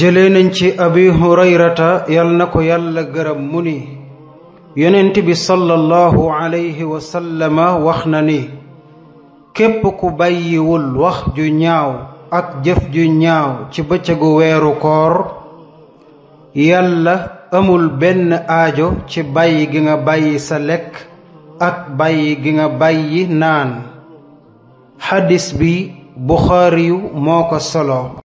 jëlee nañ ci abi hurayrata yal na ko yàlla gërëm mu ni yonent bi sallallahu alayhi wa wax na ni képp ku bàyyiwul wax ju ñaaw ak jëf ju ñaaw ci bëccëgu weeru koor yàlla amul benn aajo ci bàyyi gi nga bàyyi sa lekk ak bàyyi gi nga bàyyi naan xadis bi buxaari yu moo ko solo